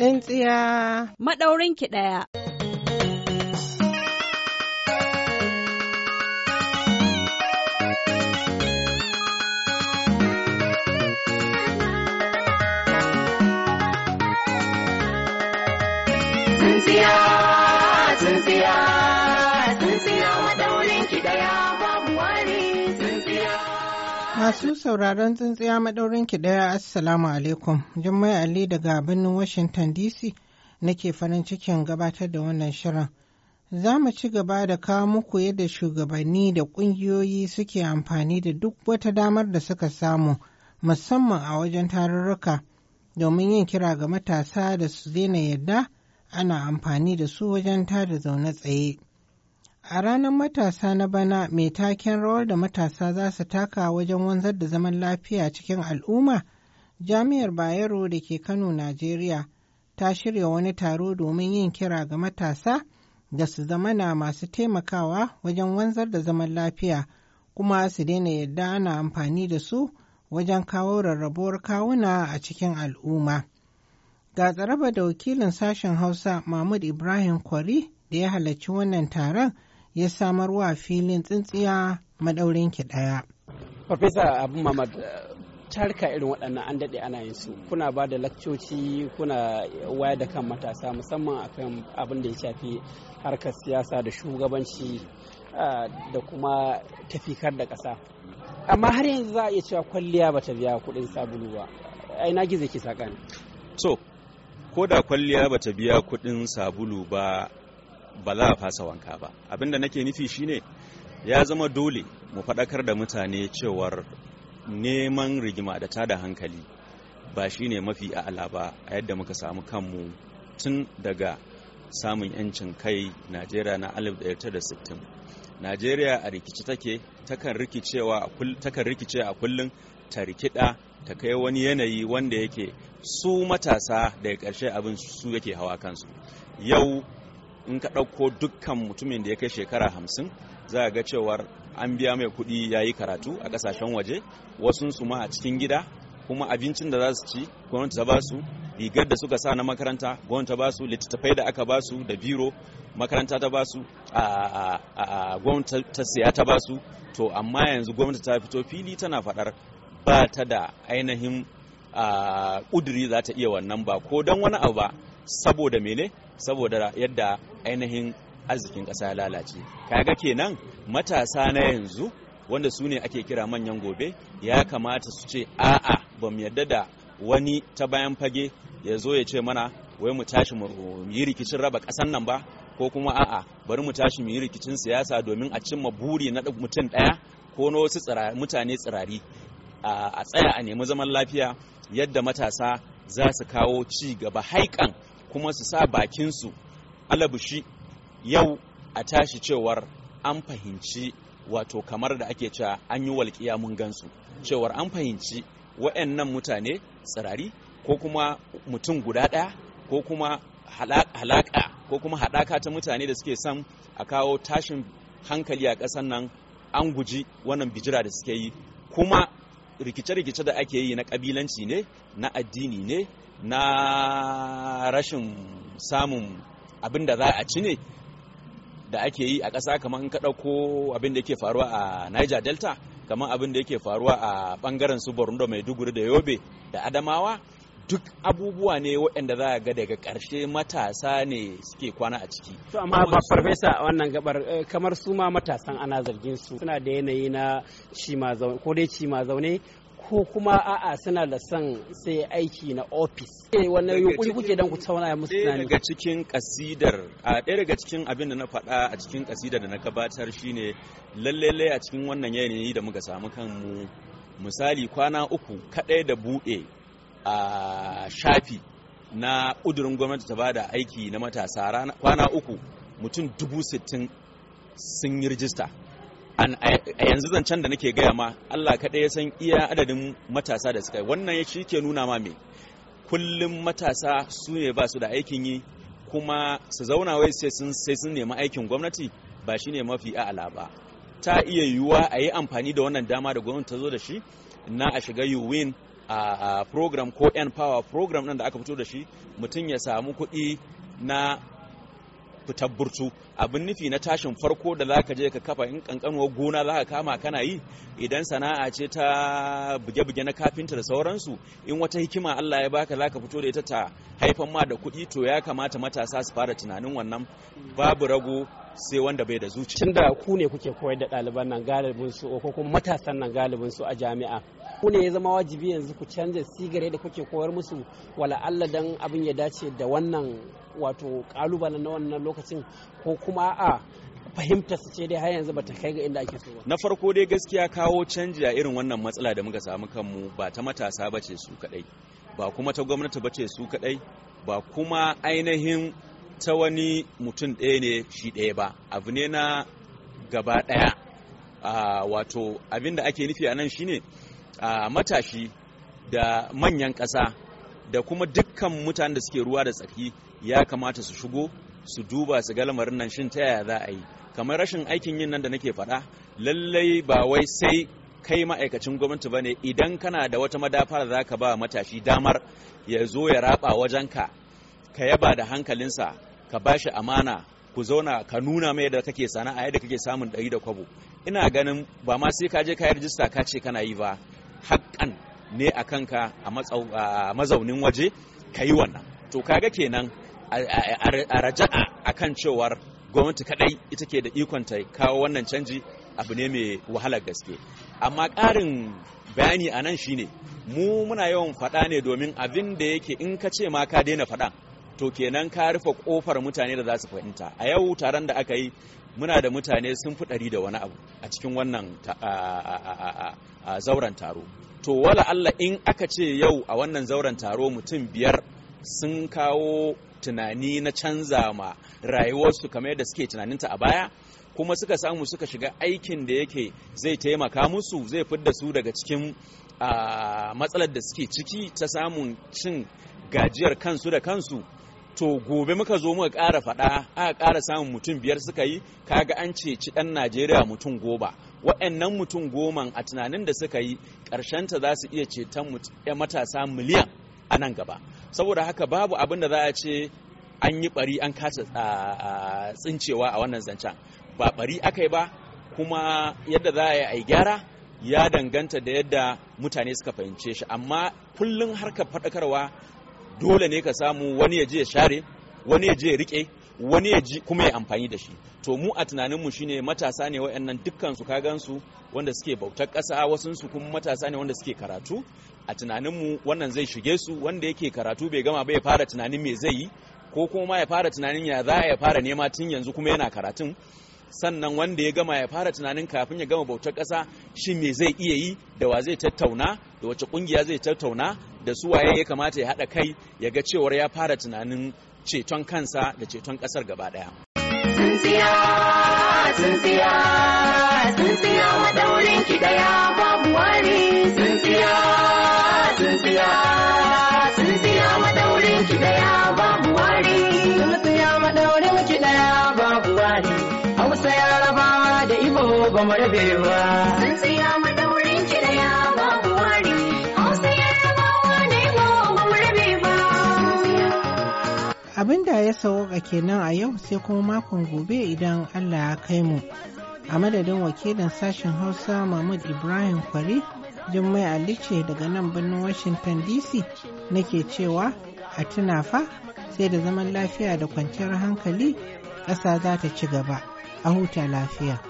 Tsintsiya. Maɗaurin ki ɗaya. Tsintsiya, tsintsiya, tsintsiya. Masu sauraron tsintsiya maɗaurin ki ɗaya Assalamu alaikum. Jummai Ali daga birnin Washington DC nake farin cikin gabatar da wannan shirin. Za mu ci gaba da kawo muku yadda shugabanni da ƙungiyoyi suke amfani da duk wata damar da suka samu musamman a wajen tarurruka domin yin kira ga matasa da su daina yadda ana amfani da su wajen tada zaune tsaye. A ranar matasa na bana mai taken rawar da matasa za su taka wajen wanzar da zaman lafiya cikin al'umma, Jami'ar Bayero da ke Kano, Najeriya, ta shirya wani taro domin yin kira ga matasa da su zamana masu taimakawa wajen wanzar da zaman lafiya, kuma su daina yadda ana amfani da su wajen kawo rarrabuwar kawuna a cikin al'umma. Ga tsaraba da wakilin sashen Hausa Mahmud Ibrahim Kwari da ya halarci wannan taron. ya samar wa filin tsintsiya madaurin ki ɗaya. Farfesa Abu Mamad eh, tarka irin waɗannan an daɗe ana yin su kuna ba da lakcoci kuna waya da kan matasa musamman akan abin da ya shafi harkar siyasa da shugabanci eh, da kuma tafikar da ƙasa amma har yanzu za a iya cewa kwalliya ba ta biya kuɗin sabulu ba ai na gizo ke saƙa ne so ko da kwalliya ba ta biya kuɗin sabulu ba ba za a fasa wanka ba abinda nake nufi shine ya zama dole mu faɗakar da mutane cewar neman rigima da tada hankali ba shine mafi a'ala ba a yadda muka samu kanmu tun daga samun yancin kai najeriya na 1960 najeriya a rikici take takan rikice a kullum ta rikida ta kai wani yanayi wanda yake su matasa daga ƙarshe abin su yake hawa kansu yau in ka ɗauko dukkan mutumin da ya kai shekara hamsin za ga cewar an biya mai kuɗi ya yi karatu a ƙasashen waje wasunsu ma a cikin gida kuma abincin da za su ci gwamnati ta ba su rigar da suka sa na makaranta gwamnati ta ba su littattafai da aka ba su da biro makaranta ta ba su a gwamnati ta siya ta ba su to amma yanzu gwamnati ta fito fili tana faɗar ba ta da ainihin ƙuduri za ta iya wannan ba ko don wani abu ba saboda mene saboda yadda ainihin arzikin ƙasa ya lalace kaga kenan matasa na yanzu wanda su ne ake kira manyan gobe ya kamata su ce a'a ba mu yadda da wani ta bayan fage ya zo ya ce mana wai mu tashi mu yi rikicin raba ƙasan nan ba ko kuma a'a bari mu tashi mu yi rikicin siyasa domin a cimma buri na mutum ɗaya ko na wasu mutane tsirari a tsaya a nemi zaman lafiya yadda matasa za su kawo ci gaba haikan kuma su sa bakinsu alabushi yau a tashi cewar an fahimci wato kamar da ake cewa an yi walƙiya mun gansu cewar an fahimci wa'annan mutane tsirari ko kuma mutum guda ɗaya ko kuma halaka ko kuma haɗaka ta mutane da suke son a kawo tashin hankali a ƙasar nan an guji wannan bijira da suke yi kuma rikice-rikice da ake yi na kabilanci ne na addini ne na rashin samun abin da za a ci ne da ake yi a ƙasa kamar in ka ɗauko abin da yake faruwa a niger delta kamar abin da yake faruwa a ɓangaren su borno maiduguri da yobe da adamawa duk abubuwa ne waɗanda za a ga daga ƙarshe matasa ne suke kwana a ciki. To amma ba farfesa wannan gabar eh, kamar su ma matasan ana zargin su suna da yanayi na shi ma zaune ko dai ci ma zaune ko kuma a'a suna da son sai aiki na ofis eh, wannan yunkuri kuke dan ku tauna musu tunani daga cikin kasidar a ɗaya daga cikin abin da na faɗa a cikin kasidar da na gabatar shine lalle a cikin wannan yanayi da muka samu kanmu misali kwana uku kaɗai da buɗe a shafi na ƙudurin gwamnati ta da aiki na matasa kwana uku mutum dubu sittin sun yi rijista a yanzu zancen da nake gaya ma Allah kaɗai ya san iya adadin matasa da suka yi wannan shi ke nuna ma me kullum matasa su ne ba su da aikin yi kuma su zauna wai sai sun nemi aikin gwamnati ba shi ne mafi a'ala ba ta iya yiwuwa a yi amfani da wannan dama da gwamnati ta zo da shi na a shiga yuwin a program ko n power program nan da aka fito da shi mutum ya samu kuɗi na fitar burtu abin nufi na tashin farko da za ka je ka kafa in kankanuwar gona ka kama kana yi idan sana'a ce ta buge-buge na kafinta da sauransu in wata hikima Allah ya baka zaka fito da ita ta haifan ma da kuɗi to ya kamata matasa su fara tunanin wannan babu rago sai wanda bai da zuci. da ku ne kuke koyar da ɗaliban nan galibin su ko kuma matasan nan galibin su a jami'a. Ku ne ya zama wajibi yanzu ku canza sigare da kuke koyar musu wala Allah dan abin ya dace da wannan wato kalubalen na wannan lokacin ko kuma a fahimta su ce dai har yanzu bata kai ga inda ake so ba. Na farko dai gaskiya kawo canji a irin wannan matsala da muka samu kanmu ba ta matasa bace su kadai ba kuma ta gwamnati bace su kadai ba kuma ainihin ta wani mutum ɗaya ne shi ɗaya ba abu ne na gaba ɗaya wato abin da ake nufi a nan shine matashi da manyan ƙasa da kuma dukkan mutanen da suke ruwa da tsaki ya kamata su shigo su duba su ga lamarin nan shin ta yaya za a yi kamar rashin aikin yin nan da nake faɗa lallai ba wai sai kai ma'aikacin gwamnati ba ne idan kana da wata madafa da za ka ba matashi damar ya zo ya raba wajenka ka yaba da hankalinsa ka bashi amana ku zauna ka nuna mai yadda kake sana'a yadda kake samun ɗari da kwabo ina ganin ba ma sai ka je ka yi rijista ka ce kana yi ba haƙƙan ne a kanka a mazaunin waje ka yi wannan to kaga kenan a raja'a a kan cewar gwamnati kaɗai ita ke da ikon ta kawo wannan canji abu ne mai wahalar gaske amma ƙarin bayani a nan shine mu muna yawan faɗa ne domin abin da yake in ka ce ma ka daina faɗa to kenan ka rufe kofar mutane da za su fahimta a yau taron da aka yi muna da mutane sun fi ɗari da wani abu a cikin wannan zauren taro to wala Allah in aka ce yau a wannan zauren taro mutum biyar sun kawo tunani na canza ma rayuwarsu kamar yadda suke tunaninta a baya kuma suka samu suka shiga aikin da yake zai taimaka musu zai fidda su daga cikin matsalar da suke ciki ta samun cin gajiyar kansu da kansu to gobe muka zo muka ƙara faɗa aka ƙara samun mutum biyar suka yi kaga an ceci ɗan najeriya mutum goma waɗannan mutum goma a tunanin da suka yi ƙarshenta za su iya ceton eh, matasa miliyan a nan gaba saboda haka babu abin da za a ce an yi bari an kasa tsincewa a wannan zancen ba ɓari aka yi ba kuma yadda za a yi gyara ya danganta da yadda mutane suka fahimce shi amma kullum harkar faɗakarwa dole ne ka samu wani ya je ya share wani ya je ya rike wani ya ji kuma ya amfani da shi to mu a tunaninmu shine matasa ne waɗannan dukkan su kagansu wanda suke bautar ƙasa wasun su kuma matasa ne wanda suke karatu a tunaninmu wannan zai shige su wanda yake karatu bai gama ba ya fara tunanin me zai yi ko kuma ya fara tunanin ya za ya fara nema tun yanzu kuma yana karatun sannan wanda ya gama ya fara tunanin kafin ya gama bautar ƙasa shi me zai iya yi da wa zai tattauna da wace ƙungiya zai tattauna da su waye ya kamata ya haɗa kai ya ga cewar ya fara tunanin ceton kansa da ceton ƙasar gaba ɗaya. Abin da ya sauka kenan a yau sai kuma makon gobe idan Allah ya kai mu. A madadin wakilin sashen Hausa Mahmud Ibrahim Kwari, Jummai Ali ce daga nan birnin Washington DC nake cewa a tuna sai da zaman lafiya da kwanciyar hankali ƙasa za ta ci gaba a huta lafiya.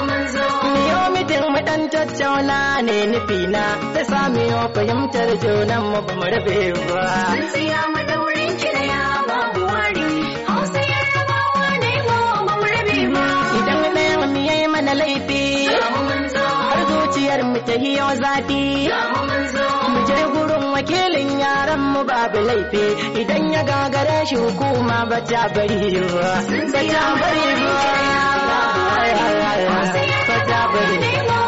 dan tattauna ne nufi na ta sami yau fahimtar junan mu ba mu rabe ba. Idan ɗaya mu mana laifi. Har zuciyar mu ta zafi. Mu je gurin wakilin yaran mu babu laifi idan ya gagara shi hukuma ba ta bari ba. ba.